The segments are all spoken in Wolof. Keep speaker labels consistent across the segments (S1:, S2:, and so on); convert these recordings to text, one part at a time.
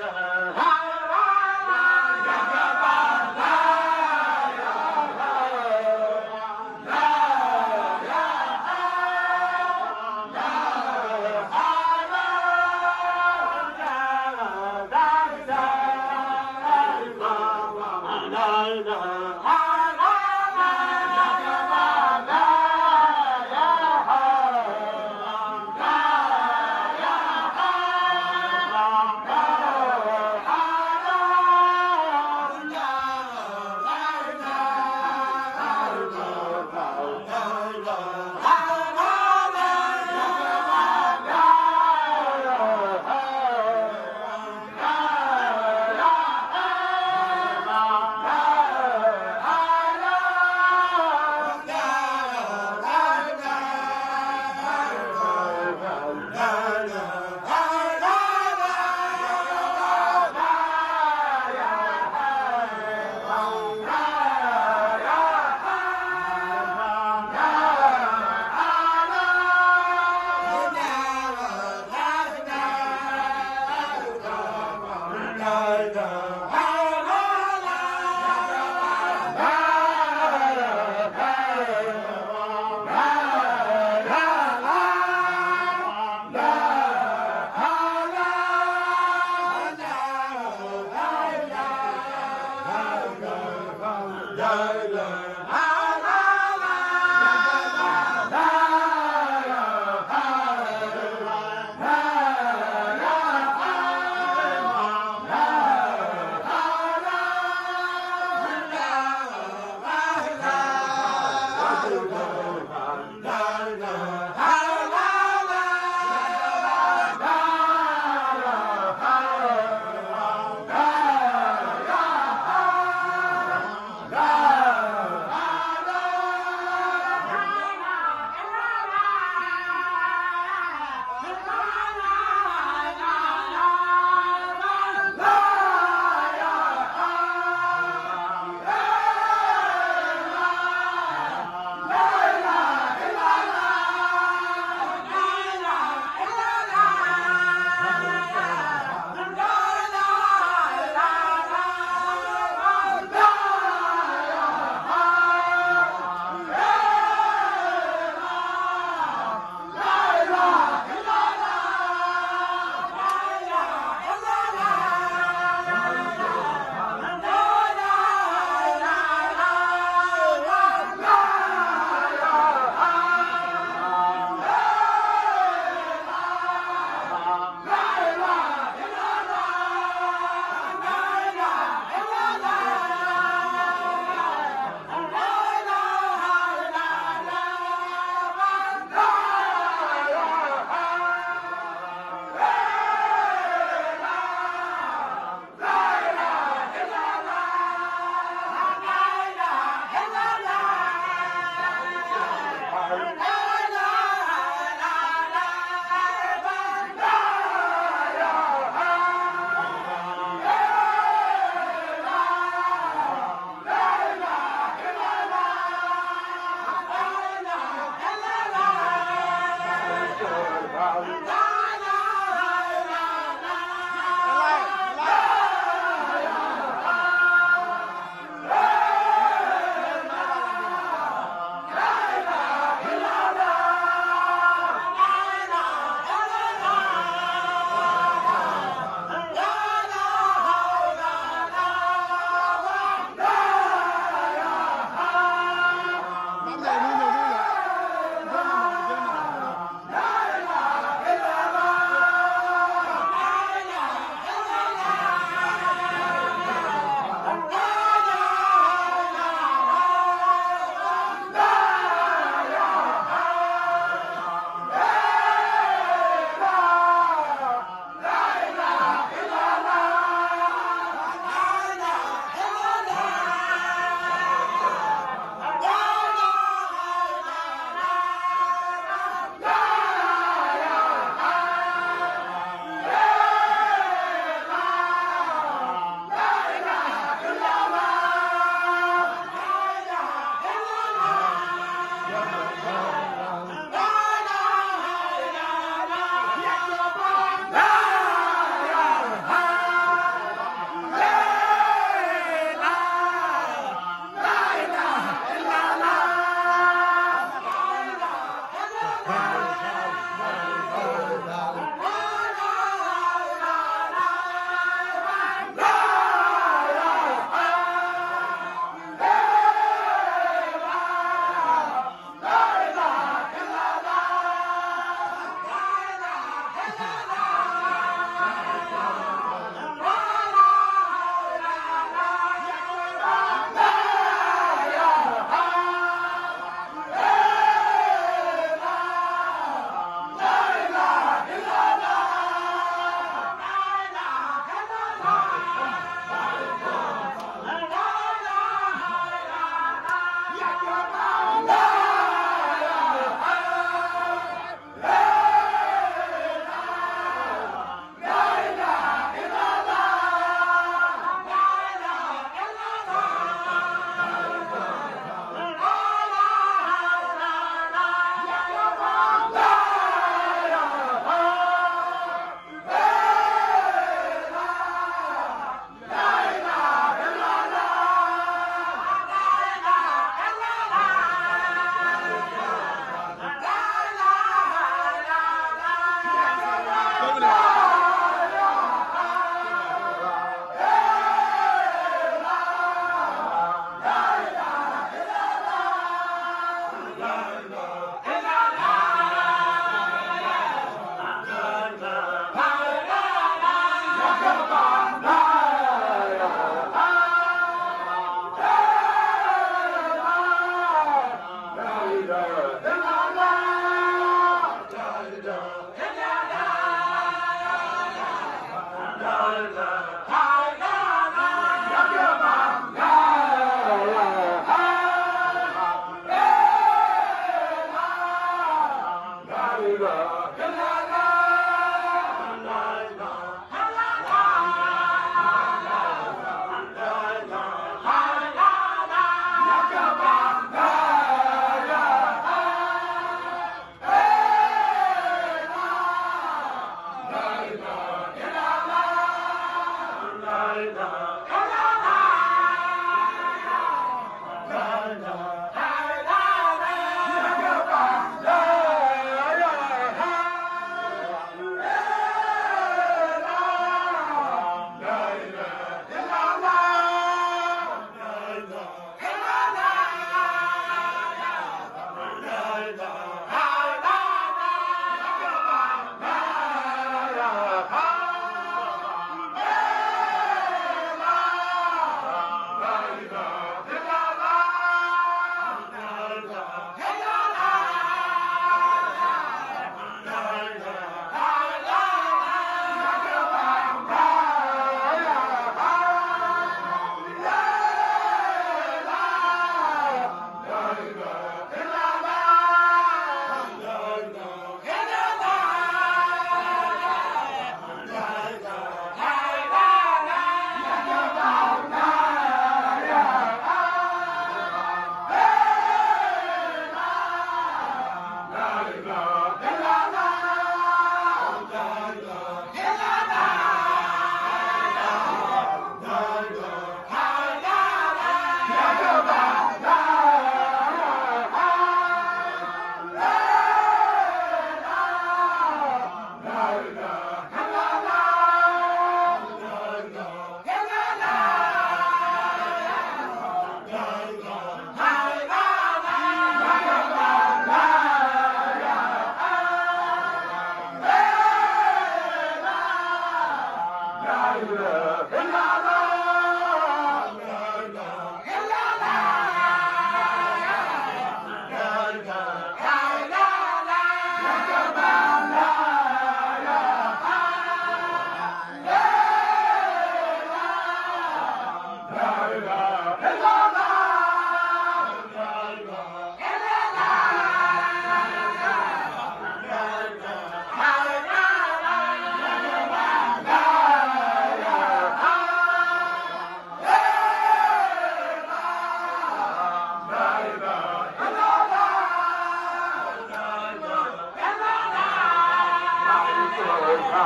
S1: ಸಂಬಂಧಿಸಿದ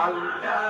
S1: Allah.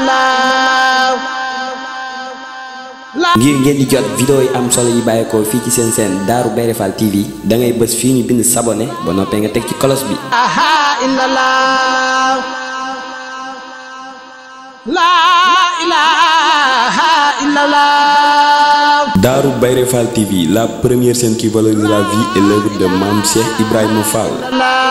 S1: ngir ngeen di jot vidéo yi am solo yi bàyyeekoo fii ci seen seen daaru Bairé Fall TV da ngay fii ñu bind sabonné ba noppee nga teg ci kolos bi. Darou Bairé Fall TV la première chaîne qui valorise la vie et l'œuvre de